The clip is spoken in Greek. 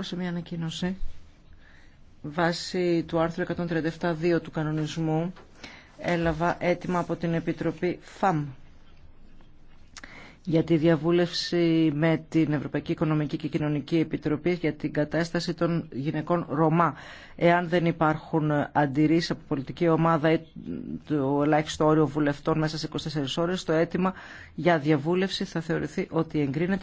σε μια ανακοίνωση βάσει του άρθρου 137.2 του κανονισμού έλαβα έτοιμα από την Επιτροπή ΦΑΜ για τη διαβούλευση με την Ευρωπαϊκή Οικονομική και Κοινωνική Επιτροπή για την κατάσταση των γυναικών Ρωμά. Εάν δεν υπάρχουν αντιρρήσεις από πολιτική ομάδα ή το ελάχιστο όριο βουλευτών μέσα σε 24 ώρες, το αίτημα για διαβούλευση θα θεωρηθεί ότι εγκρίνεται